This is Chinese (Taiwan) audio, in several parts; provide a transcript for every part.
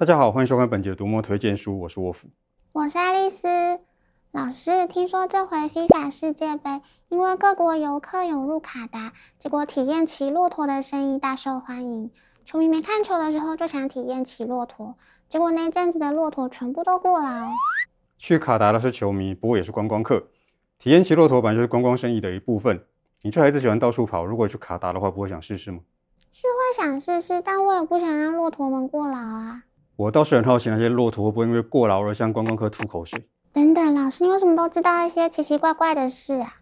大家好，歡迎收看本集的讀墨推薦書，我是沃夫，我是愛麗絲。老師，聽說這回 FIFA 世界盃，因為各國遊客湧入卡達，結果體驗騎駱駝的生意大受歡迎。球迷沒看球的時候就想體驗騎駱駝，結果那陣子的駱駝全部都過勞。去卡達的是球迷，不過也是觀光客，體驗騎駱駝本來就是觀光生意的一部分。你這孩子喜歡到處跑，如果去卡達的話，不會想試試嗎？是會想試試，但我也不想讓駱駝們過勞啊。我倒是很好奇，那些駱駝會不會因為過勞而向觀光客吐口水？等等，老師，你為什麼都知道一些奇奇怪怪的事啊？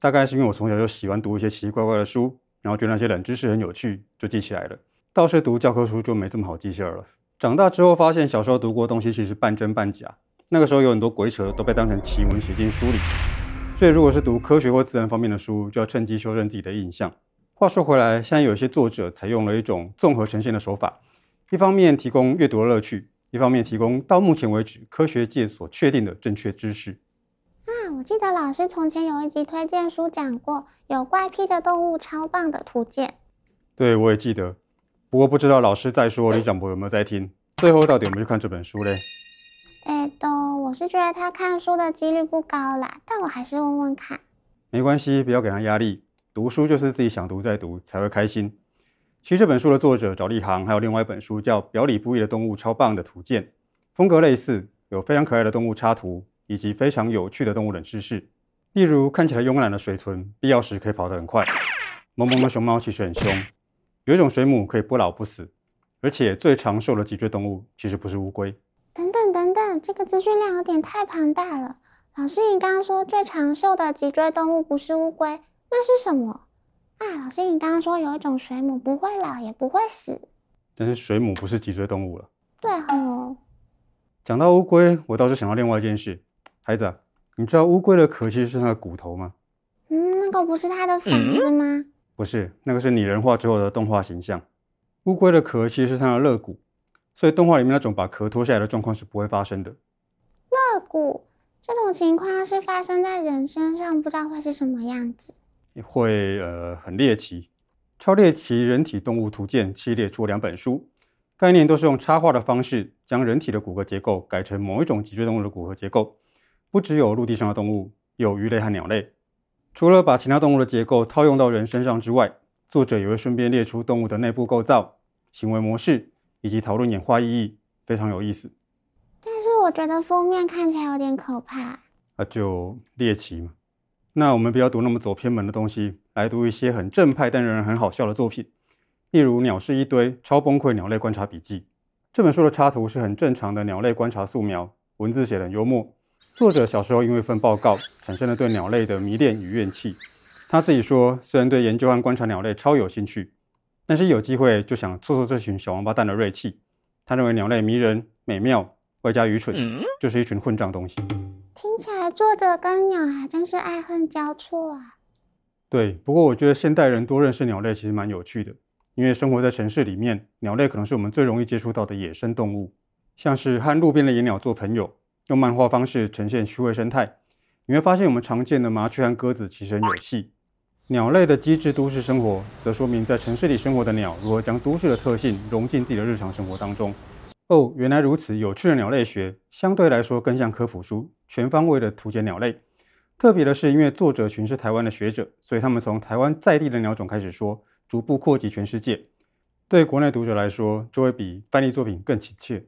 大概是因為我從小就喜歡讀一些奇奇怪怪的書，然後覺得那些冷知識很有趣，就記起來了。倒是讀教科書就沒這麼好記性了。長大之後發現，小時候讀過的東西其實半真半假。那個時候有很多鬼扯都被當成奇聞寫進書裡，所以如果是讀科學或自然方面的書，就要趁機修正自己的印象。話說回來，現在有一些作者採用了一種綜合呈現的手法。一方面提供閱讀的樂趣，一方面提供到目前為止科學界所確定的正確知識。啊，我記得老師從前有一集推薦書講過《有怪癖的動物超棒的圖鑑》。對，我也記得。不過不知道老師在說李展博有沒有在聽。最後到底有沒有去看這本書嘞？哎，都，我是覺得他看書的幾率不高啦，但我還是問問看。沒關係，不要給他壓力。讀書就是自己想讀再讀才會開心。其實這本書的作者沼笠航還有另外一本書叫《表裡不一的動物》，超棒的圖鑑，風格類似，有非常可愛的動物插圖，以及非常有趣的動物冷知識。例如，看起來慵懶的水豚，必要時可以跑得很快；萌萌的熊貓其實很兇；有一種水母可以不老不死；而且最長壽的脊椎動物其實不是烏龜。等等等等，這個資訊量有點太龐大了。老師，你剛剛說最長壽的脊椎動物不是烏龜，那是什麼？啊，老師，你剛剛說有一種水母不會老，也不會死。但是水母不是脊椎動物了。對哦。講到烏龜，我倒是想到另外一件事。孩子啊，你知道烏龜的殼其實是它的骨頭嗎？嗯，那個不是它的房子嗎？嗯？不是，那個是擬人化之後的動畫形象。烏龜的殼其實是它的肋骨，所以動畫裡面那種把殼脫下來的狀況是不會發生的。肋骨，這種情況是發生在人身上，不知道會是什麼樣子。會呃，很獵奇，超獵奇人體動物圖鑑系列出了兩本書，概念都是用插畫的方式將人體的骨骼結構改成某一種脊椎動物的骨骼結構，不只有陸地上的動物，有魚類和鳥類。除了把其他動物的結構套用到人身上之外，作者也會順便列出動物的內部構造、行為模式以及討論演化意義，非常有意思。但是我覺得封面看起來有點可怕。那、啊、就獵奇嘛。那我們不要讀那麼走偏門的東西，來讀一些很正派但仍然很好笑的作品，例如《鳥是一堆超崩潰鳥類觀察筆記》這本書的插圖是很正常的鳥類觀察素描，文字寫得很幽默。作者小時候因為一份報告產生了對鳥類的迷戀與怨氣，他自己說，雖然對研究和觀察鳥類超有興趣，但是一有機會就想挫挫這群小王八蛋的銳氣。他認為鳥類迷人、美妙，外加愚蠢、嗯，就是一群混賬東西。聽起來作者跟鳥還真是愛恨交錯啊。對，不過我覺得現代人多認識鳥類其實蠻有趣的，因為生活在城市裡面，鳥類可能是我們最容易接觸到的野生動物。像是和路邊的野鳥做朋友，用漫畫方式呈現趣味生態，你會發現我們常見的麻雀和鴿子其實很有戲。鳥類的機智都市生活，則說明在城市裡生活的鳥如何將都市的特性融進自己的日常生活當中。哦，原來如此！有趣的鳥類學相對來說更像科普書，全方位的圖解鳥類。特別的是，因為作者群是台灣的學者，所以他們從台灣在地的鳥種開始說，逐步擴及全世界。對國內讀者來說，就會比翻譯作品更親切。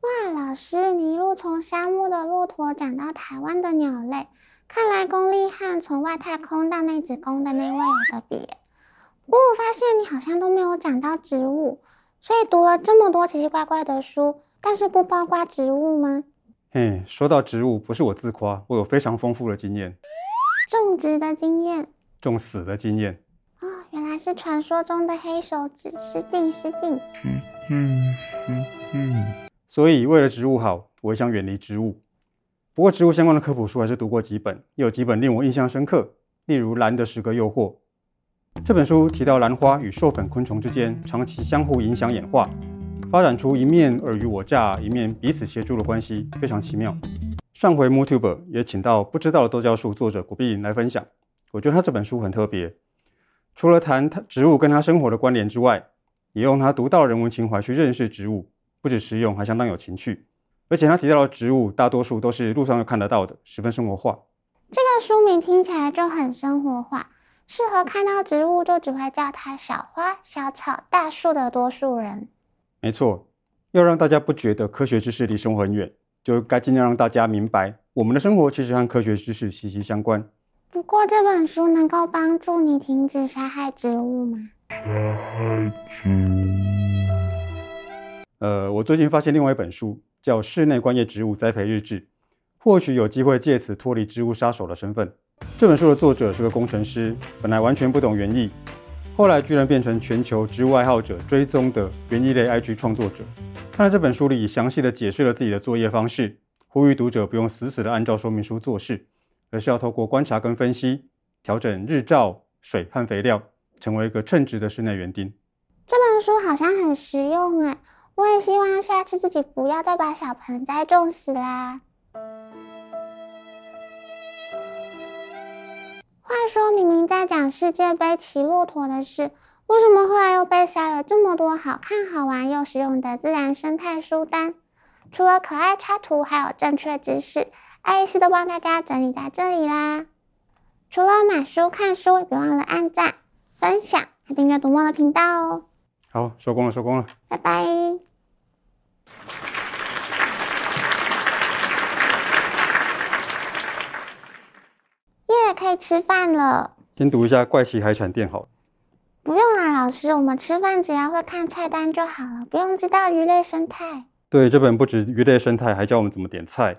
哇，老師，你一路從沙漠的駱駝講到台灣的鳥類，看來功力和從外太空到內子宮的那位有得比。不過我發現你好像都沒有講到植物。所以讀了這麼多奇奇怪怪的書，但是不包括植物嗎？嘿，說到植物，不是我自誇，我有非常豐富的經驗，種植的經驗，種死的經驗。哦，原來是傳說中的黑手指，失敬失敬。嗯嗯嗯嗯。所以為了植物好，我也想遠離植物。不過植物相關的科普書還是讀過幾本，也有幾本令我印象深刻，例如《蘭的十個誘惑》。這本書提到蘭花與授粉昆蟲之間長期相互影響演化，發展出一面爾虞我詐，一面彼此協助的關係，非常奇妙。上回 Motuber 也請到不知道的都叫樹作者古碧玲來分享，我覺得他這本書很特別，除了談植物跟他生活的關聯之外，也用他獨到的人文情懷去認識植物，不止實用，還相當有情趣。而且他提到的植物大多數都是路上就看得到的，十分生活化。這個書名聽起來就很生活化。適合看到植物就只會叫它小花、小草、大樹的多數人，沒錯。要讓大家不覺得科學知識離生活很遠，就該儘量讓大家明白，我們的生活其實和科學知識息息相關。不過這本書能夠幫助你停止殺害植物嗎？殺害植物？呃，我最近發現另外一本書叫《室內觀葉植物栽培日誌》，或許有機會借此脫離植物殺手的身份。這本書的作者是個工程師，本來完全不懂園藝，後來居然變成全球植物愛好者追蹤的園藝類 IG 創作者。他在這本書裡詳細地解釋了自己的作業方式，呼籲讀者不用死死地按照說明書做事，而是要透過觀察跟分析，調整日照、水和肥料，成為一個稱職的室內園丁。這本書好像很實用哎、啊，我也希望下次自己不要再把小盆栽種死啦。話說明明在講世界杯騎駱駝的事，為什麼後來又被塞了這麼多好看、好玩又實用的自然生態書單？除了可愛插圖，還有正確知識，愛麗絲都幫大家整理在這裡啦！除了買書、看書，也別忘了按讚、分享，還訂閱“讀墨”的頻道哦！好，收工了，收工了，拜拜！可以吃飯了，先讀一下《怪奇海產店》好了。不用啦，老師，我們吃飯只要會看菜單就好了，不用知道魚類生態。對，這本不止魚類生態，還教我們怎麼點菜。